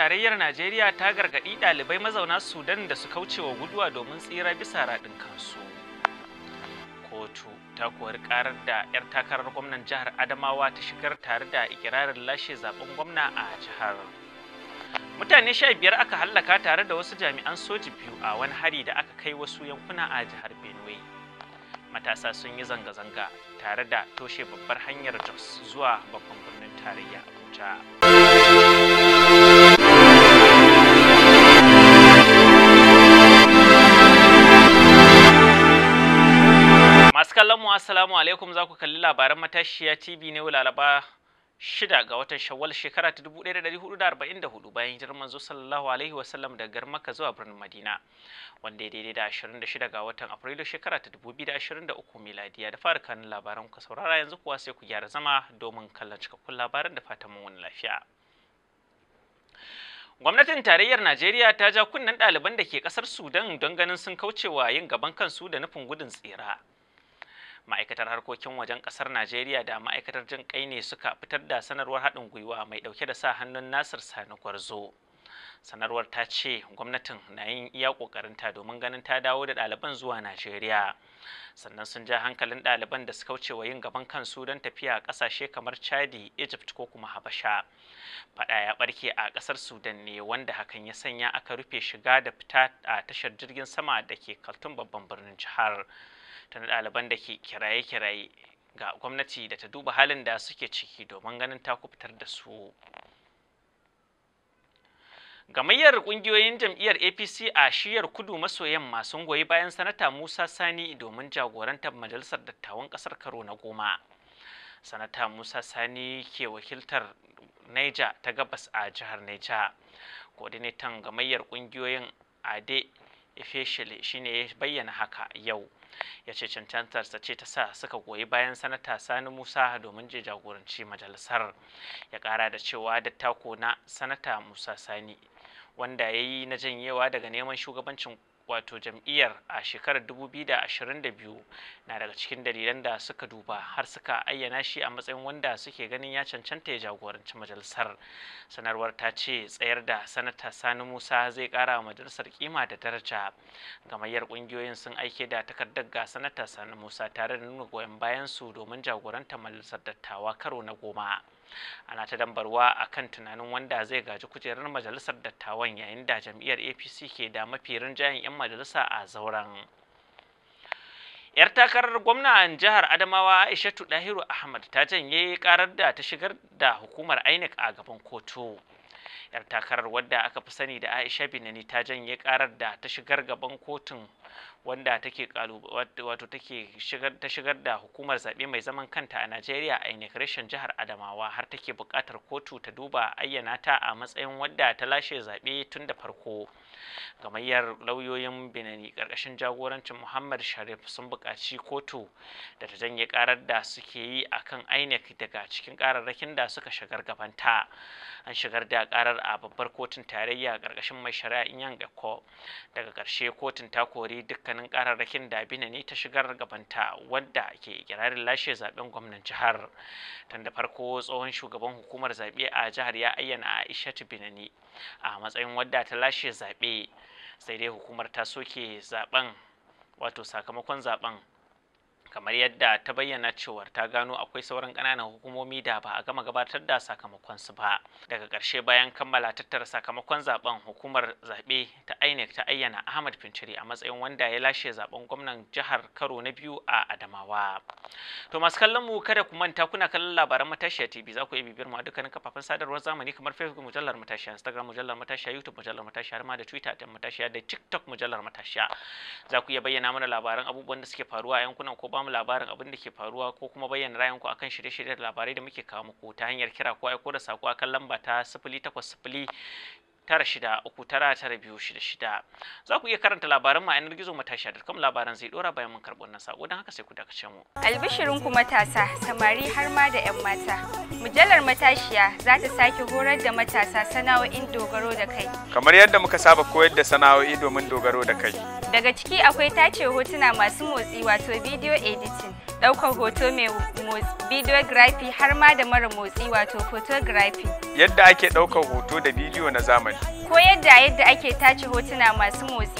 tarayyar Najeriya ta gargaɗi ɗalibai mazauna Sudan da su kaucewa guduwa domin tsira bisa raɗin kansu. Kotu ta kuwar ƙarar da 'yar takarar gwamnan jihar Adamawa ta shigar tare da ikirarin lashe zaɓen gwamna a jihar. Mutane sha biyar aka hallaka tare da wasu jami'an soji biyu a wani hari da aka kai wasu yankuna a jihar Benue. Matasa sun yi zanga-zanga tare da toshe babbar hanyar Jos zuwa babban birnin tarayya Abuja. kallon asalamu assalamu alaikum za ku kalli labaran matashiya TV ne laraba shida ga watan Shawwal shekara ta 1444 bayan hijirar manzo sallallahu alaihi wa sallam daga garin Makka zuwa birnin Madina wanda ya daidai da 26 ga watan Afrilu shekara ta 2023 miladiya da fara kanin labaran ku saurara yanzu kuwa sai ku gyara zama domin kallon cikakkun labaran da fatan mun wani lafiya. Gwamnatin tarayyar Najeriya ta ja kunnen ɗaliban da ke ƙasar Sudan don ganin sun kaucewa yin gaban kansu da nufin gudun tsira. ma'aikatar harkokin wajen kasar najeriya da ma'aikatar jin kai ne suka fitar da sanarwar haɗin gwiwa mai ɗauke da sa hannun nasir sani gwarzo sanarwar ta ce gwamnatin na yin iya ƙoƙarinta domin ganin ta dawo da ɗaliban zuwa najeriya sannan sun ja hankalin ɗaliban da suka wuce wa yin gaban kansu don tafiya a ƙasashe kamar chadi egypt ko kuma habasha faɗa ya ɓarke a ƙasar sudan ne wanda hakan ya sanya aka rufe shiga da fita a tashar jirgin sama da ke kaltun babban birnin jihar tana ɗaliban da ke kiraye-kiraye ga gwamnati da ta duba halin da suke ciki domin ganin ta kubutar da su gamayyar ƙungiyoyin jam'iyyar apc a shiyar kudu maso yamma sun goyi bayan sanata musa sani domin jagorantar majalisar dattawan ƙasar karo na goma sanata musa sani ke wakiltar niger ta gabas a jihar niger coordinator gamayyar ƙungiyoyin ade officially shine ya bayyana haka yau ya ce cancantarsa ce ta sa suka goyi bayan sanata sani musa domin je jagoranci majalisar ya kara da cewa dattako na sanata musa sani wanda ya yi na janyewa daga neman shugabancin wato jam'iyyar a shekarar 2022 na daga cikin dalilan da suka duba har suka ayyana shi a matsayin wanda suke ganin ya cancanta ya jagoranci majalisar sanarwar ta ce tsayar da sanata sani musa zai kara wa majalisar kima da daraja gamayyar kungiyoyin sun aike da takardar ga sanata sani musa tare da nuna goyon bayan su domin jagorantar majalisar dattawa karo na goma ana ta dambarwa a kan tunanin wanda zai gaji kujerar majalisar dattawan yayin da jam'iyyar apc ke da mafi rinjayen 'yan majalisa a zauren yar takarar gwamnan jihar adamawa aishatu dahiru ahmad ta janye karar da ta shigar da hukumar inec a gaban kotu yar takarar wadda aka fi sani da aisha binani ta janye karar da ta shigar gaban kotun wanda take wato take shigar ta shigar da hukumar zaɓe mai zaman kanta a najeriya a inauguration jihar adamawa har take buƙatar kotu ta duba ayyana ta a matsayin wadda ta lashe zaɓe tun da farko gamayyar lauyoyin binani karkashin jagorancin muhammad sharif sun buƙaci kotu da ta janye karar da suke yi a kan inec daga cikin kararrakin da suka shigar gabanta an shigar da karar a babbar kotun tarayya karkashin mai shari'a inyan gako daga ƙarshe kotun ta kori dukkanin kararrakin da binani ta shigar gabanta wadda ke kirarin lashe zaben gwamnan jihar tun da farko tsohon shugaban hukumar zaɓe a jihar ya ayyana aishatu binani a matsayin wadda ta lashe zaɓe sai dai hukumar ta soke zaben wato sakamakon zaben kamar yadda ta bayyana cewar ta gano akwai sauran ƙananan hukumomi da ba a gama gabatar da sakamakonsu ba daga ƙarshe bayan kammala tattara sakamakon zaben hukumar zaɓe ta inec ta ayyana ahmad finciri a matsayin wanda ya lashe zaben gwamnan jihar karo na biyu a adamawa to masu kallon mu kada ku manta kuna kallon labaran matashiya tv za ku iya bibiyar mu a dukkanin kafafen sadarwar zamani kamar facebook mujallar matashiya instagram mujallar matashiya youtube mujallar matashiya har ma da twitter da matashiya da tiktok mujallar matashiya za ku iya bayyana mana labaran abubuwan da suke faruwa a yankunan ko ba ba mu labarin abin da ke faruwa ko kuma bayyana ku akan shirye-shiryen labarai da muke kawo muku ta hanyar kira ko aiko da sako kan lamba ta 0800 tara shida uku tara tara biyu shida shida za ku iya karanta labaran ma yanar gizo matashiya.com labaran zai dora bayan mun karɓi wannan sako don haka sai ku dakace mu. albishirin ku matasa samari har ma da 'yan mata mujallar matashiya za ta sake horar da matasa sana'o'in dogaro da kai. kamar yadda muka saba koyar da sana'o'i domin dogaro da kai. daga ciki akwai tace hotuna masu motsi wato video editing ɗaukar hoto mai videography har ma da mara motsi wato photography. Yadda ake ɗaukar hoto da bidiyo na zamani. Ko yadda yadda ake tace hotuna masu motsi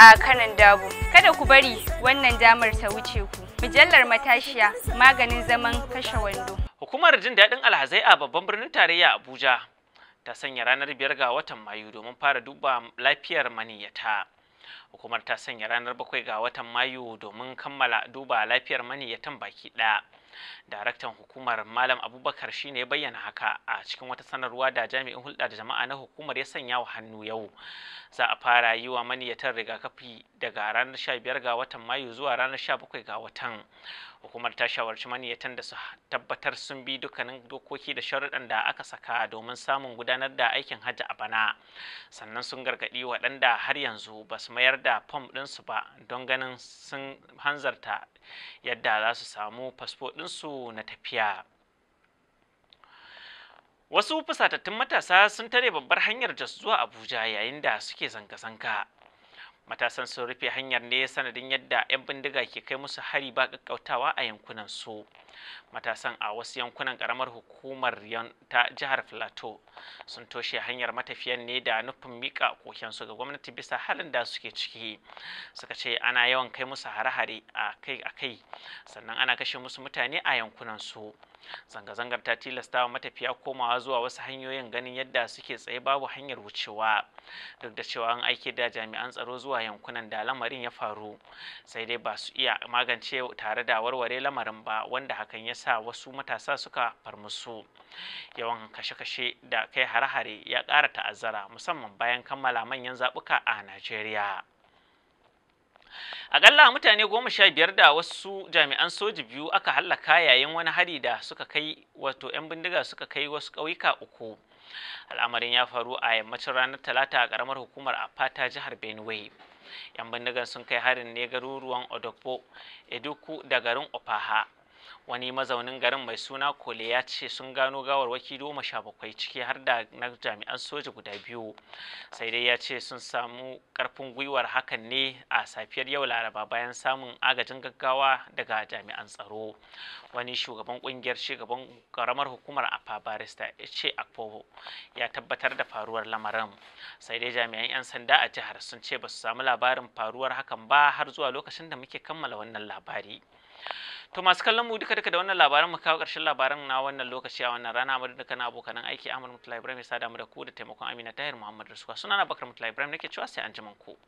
a kanan dabu kada ku bari wannan damar ta wuce ku mujallar matashiya maganin zaman kashe wando hukumar jin daɗin alhazai a babban birnin tarayya abuja ta sanya ranar biyar ga watan mayu domin fara duba lafiyar maniyyata hukumar ta sanya ranar bakwai ga watan mayu domin kammala duba lafiyar maniyyatan baki ɗaya daraktan hukumar malam abubakar shine ya bayyana haka a cikin wata sanarwa da jami'in hulɗa da jama'a na hukumar ya sanya wa hannu yau za a fara yi wa maniyatar rigakafi daga ranar 15 ga watan mayu zuwa ranar 17 ga watan hukumar ta shawarci maniyatan da su tabbatar sun bi dukkanin dokoki da sharuɗan da aka saka domin samun gudanar da aikin hajji a bana sannan sun gargaɗi waɗanda har yanzu ba su mayar da fom ɗinsu ba don ganin sun hanzarta yadda za su samu fasfo ɗinsu na tafiya wasu fusatattun matasa sun tare babbar hanyar jos zuwa abuja yayin da suke zanga-zanga matasan sun rufe hanyar ne sanadin yadda 'yan bindiga ke kai musu hari ba kakkautawa a yankunan su matasan a wasu yankunan karamar hukumar ta jihar filato sun toshe hanyar matafiyan ne da nufin mika kokensu ga gwamnati bisa halin da suke ciki suka ce ana yawan kai musu hare-hare a kai a kai sannan ana kashe musu mutane a yankunan su zanga-zangar ta tilasta wa matafiya komawa zuwa wasu hanyoyin ganin yadda suke tsaye babu hanyar wucewa duk da cewa an aike da jami'an tsaro zuwa zuwa yankunan da lamarin ya faru sai dai ba su iya magance tare da warware lamarin ba wanda hakan ya sa wasu matasa suka farmusu yawan kashe-kashe da kai hare-hare ya ƙara ta'azzara musamman bayan kammala manyan zaɓuka a najeriya akalla mutane goma sha biyar da wasu jami'an soji biyu aka hallaka yayin wani hari da suka kai wato 'yan bindiga suka kai wasu ƙauyuka uku al'amarin ya faru a yammacin ranar talata a karamar hukumar apata jihar benue yan bindigar sun kai harin ne garuruwan odogbo eduku da garin opaha wani mazaunin garin mai suna kole ya ce sun gano gawar waki goma sha bakwai ciki har da na jami'an soja guda biyu sai dai ya ce sun samu karfin gwiwar hakan ne a safiyar yau laraba bayan samun agajin gaggawa daga jami'an tsaro wani shugaban kungiyar shugaban karamar hukumar afa barista ya ce akpo ya tabbatar da faruwar lamarin sai dai jami'an 'yan sanda a jihar sun ce ba su samu labarin faruwar hakan ba har zuwa lokacin da muke kammala wannan labari to masu kallon mu duka duka da wannan labaran mu kawo ƙarshen labaran na wannan lokaci a wannan rana amma duka na abokan aiki Ahmad Mutla Ibrahim ya sada mu da ku da taimakon Amina Tahir Muhammad Rasuwa na Bakar Mutla Ibrahim nake cewa sai an ku.